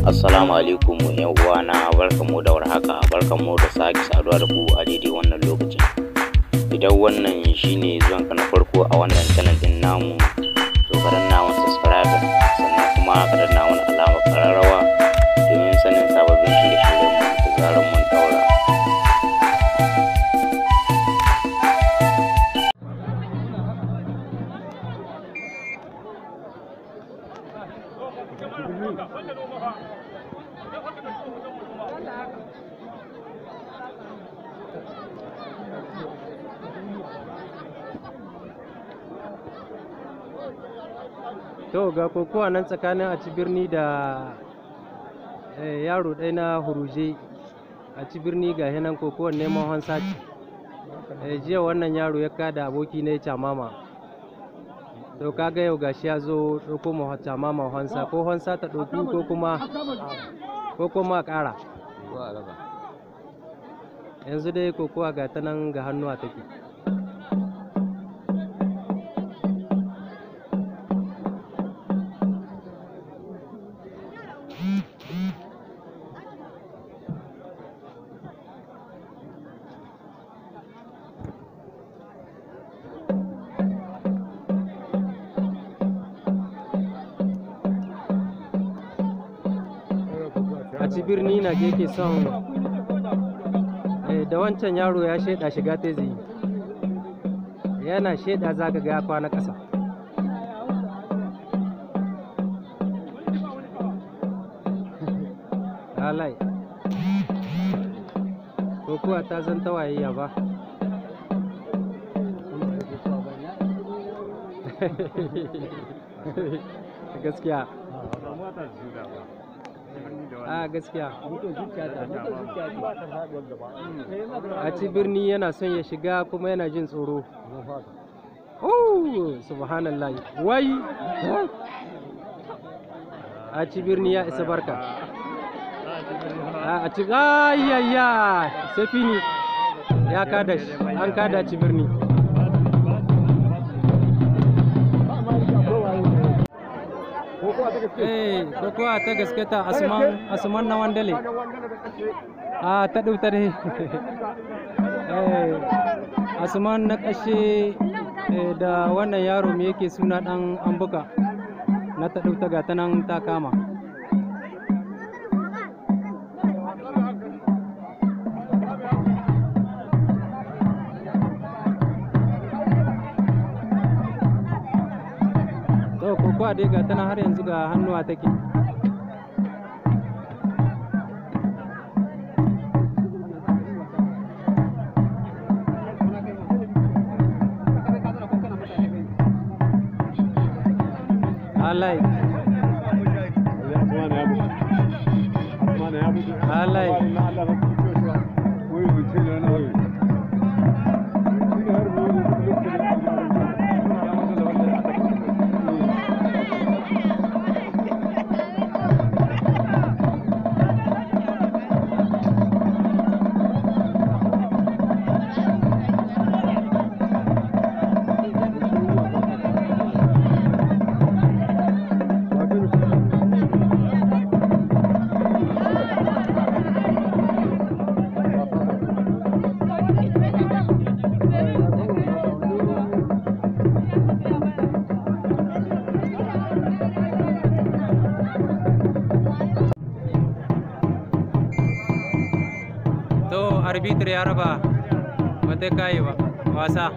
Assalamu alaikum yan uwana barkanmu da warhaka barkanmu da sake saduwa da ku a daidai wannan lokacin. Idan wannan shine zuwan ka na farko a wannan channel din namu to karan na subscribe sannan kuma karan na wani alamar kararrawa to ga kokowa nan tsakanin a ci birni da eh, yaro ɗai na huruje a ci birni ga hinan kokowar neman hansa eh, jiya wannan yaro ya kada aboki na ya camama to kaga yau gashi ya zo ɗauko ma camama hansa ko hansa ta ɗauki ko kuma ko kuma ƙara yanzu dai kokowa ga ta nan ga hannuwa take a ci birni na ke son eh, da wancan yaro ya shaida shiga zai yana shaida za ka ga kwana ƙasa halai ko kuwa ta zan tawayayya ba gaskiya a gaskiya a ci birni yana son ya shiga kuma yana jin tsoro oh subhanallah wai a ci birni ya isa barka a ci ayayya safini ya kada shi an kada ci birni eh kokowa ta gaskata asman asman na wandale a ah, ta dauta ne eh asman na kashe eh, da wannan yaro me yake suna dan ambuka na ta dauta ga ta nan ta kama dai ga tana har yanzu ga hannuwa take Allah Allah arbitr ya raba wata kai wasa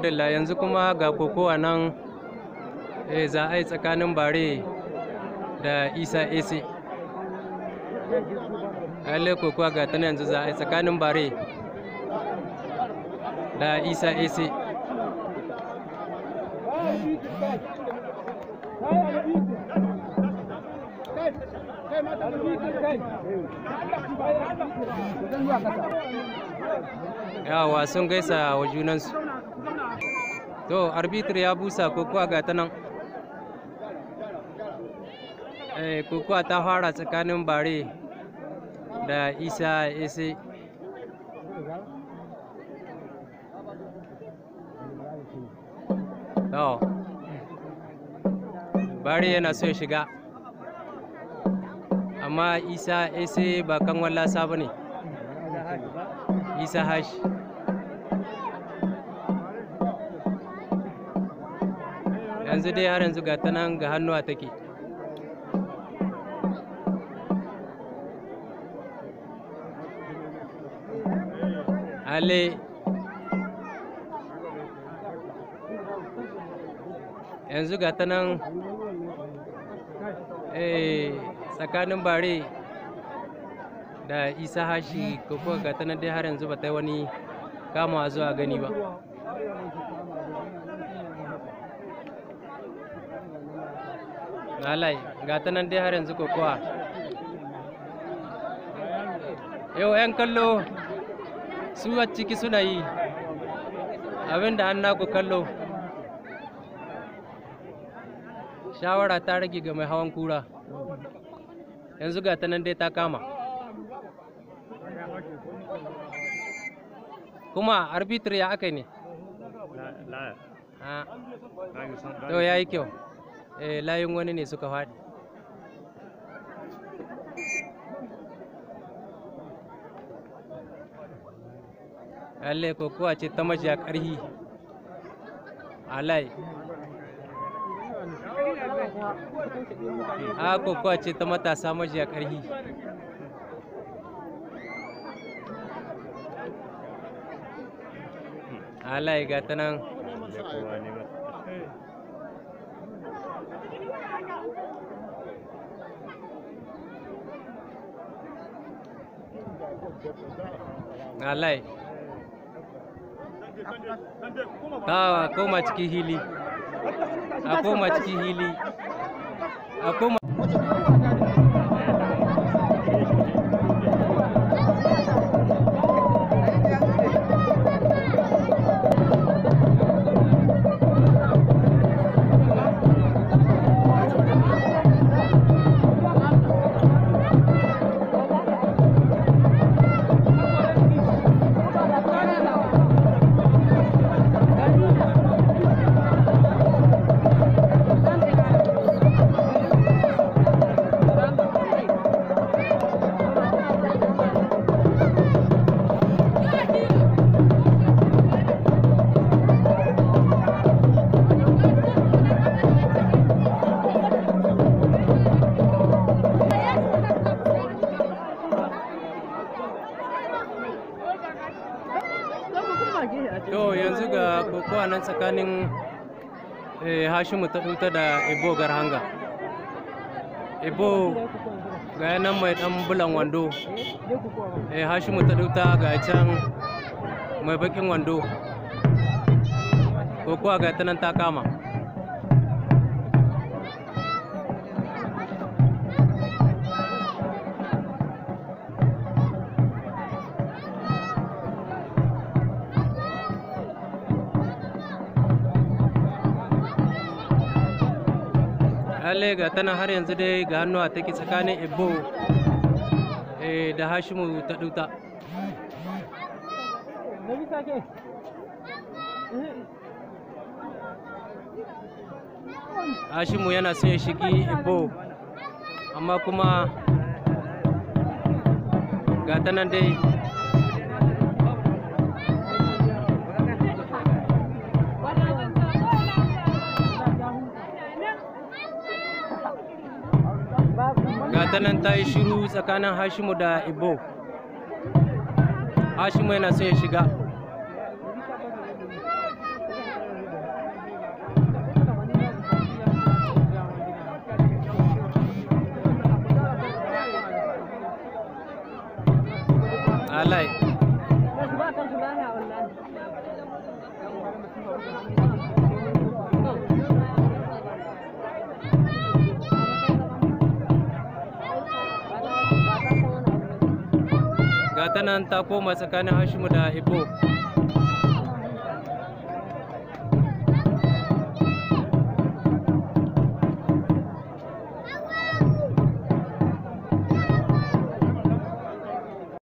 madalla yanzu kuma ga kokowa nan eh, za a yi tsakanin bare da isa ese lalle kokowa ga tana yanzu za a yi tsakanin bare da isa ese yawa sun gaisa wa junansu to arbitr ya busa kokowa ga ta nan eh, kokowa ta fara tsakanin bare da isa ese to bare yana so ya shiga amma isa ese ba kan wallasa ba ne isa hashi yanzu dai har yanzu ga ta nan ga hannuwa take ale yanzu ga ta nan eh, tsakanin bare da isa hashi ko kuwa ga ta nan dai har yanzu ba ta wani kama zuwa gani ba lalai gata nan dai har yanzu kokowa. Yau 'yan kallo su a ciki suna yi Abinda an naku kallo. Shawara ta rage ga mai hawan kura. Yanzu gata nan dai ta kama. Kuma arbitri ya aka ne? Ah. To ya yi kyau. Eh, layin wani ne suka faɗi ko kokowa ce ta a ƙarhi alai a kokowa ce ta matasa a ƙarhi alai ga ta nan wallahi a koma cikin hili a cikin hili Akoma. hashimu ta ɗuta da ibo garhanga ibo ga nan mai dan bulan wando eh hashimu ta ɗuta ga can mai bakin wando ko kuwa ga ta nan ta kama lalle ga tana har yanzu dai ga hannuwa take tsakanin ibo eh, da hashimu ta duta hashimu yana son ya shigi ibo amma kuma ga tanan dai ta nan ta yi shiru tsakanin hashimu da ibo hashimu yana son ya shiga ta ta koma tsakanin Hashimu da Ibo.